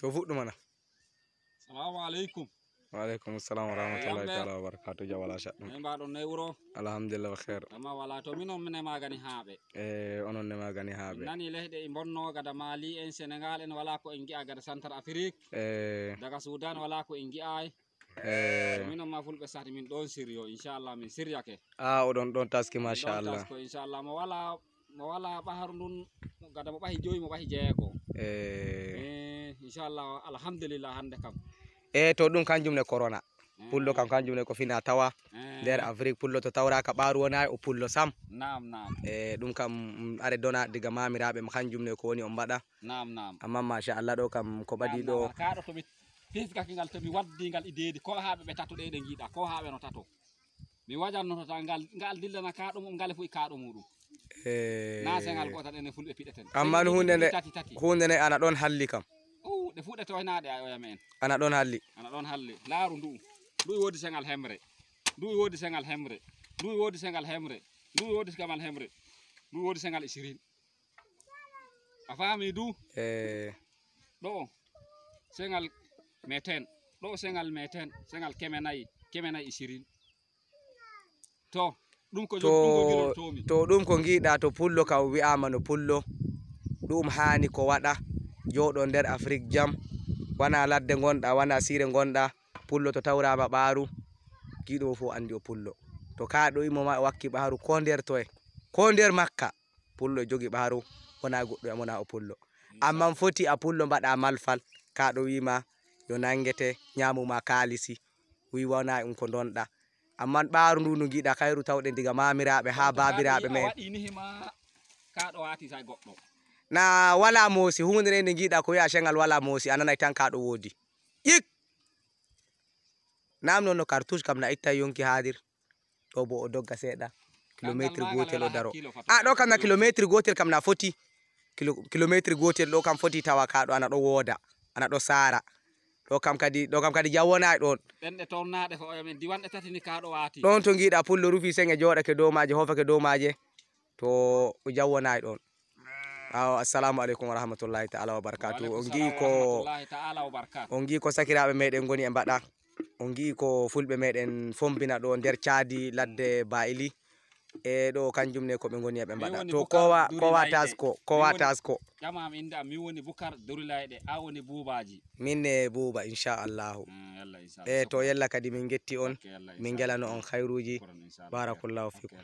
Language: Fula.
to fuɗɗu mana salamu aleykum waaleykum salam wa rahmatullahi eh, taala wa barakatu jam wala caɗɗum min mbaɗon noye wuro alhamdulillah khair amma wala to minon minema gani haaɓe eh, e onon nema gani haaɓe nani leyɗe e bonno gada mali en sénégal en wala ko en gi'a gada centre afrique e daga soudan wala ko en gi'ay minon ma fulɓe sati min ɗon siryo inchallah min siryake a ah, oɗon ɗon taski machallah inchallah mo wala wala ɓahar ndun gada mo ɓahi joyi mo bahi jeego e eh. eh, inchallah alhamdulillah hannde kam e to ɗum kanjum ne corona pullo kam kanjum ne ko fina tawa der afrique pullo to ka ɓaaru wonayi o pullo sam nam nam e ɗum kam are dona diga mo kanjum ne ko woni o mbaɗa nam nam amma machallah ɗo kam ko ɓaɗi ɗo kaɗo tomi fiskaki ngal tomi waddingal ngal deedi ko haabe ɓe tato de ngida ko haabe no tato mi wajannototaa ngal ngal dillana kaaɗo mum ngale fof e kaaɗo muɗum Eh, amma no hunde nde hunde nde ana ɗon halli kam ɗe fuu ɗe toynaɗe a oyam en ana ɗon halli ana ɗon halli laaru ndu ndu woodi sengal hemre ndu woodi sengal hemre ndu woodi sengal hemre ndu woodi kamal hemre ndu woodi sengal isirin a faami du eh. ɗo sengal meten ɗo sengal meten sengal keme nayi isirin to to ɗum ko giɗa to pullo kam wi'ama no pullo ɗum hani ko waɗa joɗo nder afrique jam wana ladde gonɗa wana sire gonɗa pullo to tawrama ɓaaru giɗomo fo andi o pullo to ka ɗo imoma wakki ɓaaru ko nder toye ko nder makka pullo e jogui ɓaaru wona goɗɗo emona o pullo amma foti a pullo mbaɗa malfal ka ɗo wima yo nanguete ñamuma kalisi wi wona ɗum ko donɗa amman ɓaaru ndu ndu giɗa kayru tawɗen diga mamiraɓe ha babiraɓe men na wala moosi hunde nde nde giiɗa ko wiya shengal wala moosi a nanay tan kaɗo woodi ƴik nam noon no cartouge kam na itta yonki haadir ɗo bo o dogga seeɗa kilométre gotel o daro a ah, ɗo kam na kilométre gotel kam na foti kilométre gotel ɗo kam foti tawa kaɗo ana ɗo wooda ana ɗo saara ɗo kam kadi ɗo kam kadi jawwonaaki ɗon ɓenɗe tonnaaɗe ko oyo diwanɗe tati ni kaaɗo waati ɗon to ngiiɗa pullo rufi seng e jooɗake dow maaje hoofake dow maaje to jawwonaaki ɗon eh. aw assalamu aleykum wa rahmatullahi taala wa barakatu on gii ko on gii ko sakiraaɓe meɗen ngoni e mbaɗa on gii ko fulɓe meɗen fombina ɗo nder caadi ladde baili e ɗo kanjum ne koɓe goni aɓe e mbaɗa to kowa kowa tasko kowa tasko ƴamam inde am min woni boukar dorilayɗe a woni bubaji min ne buba inchallahu mm, e to yalla kadi min getti on min gelano on hayruji barakullahu fikum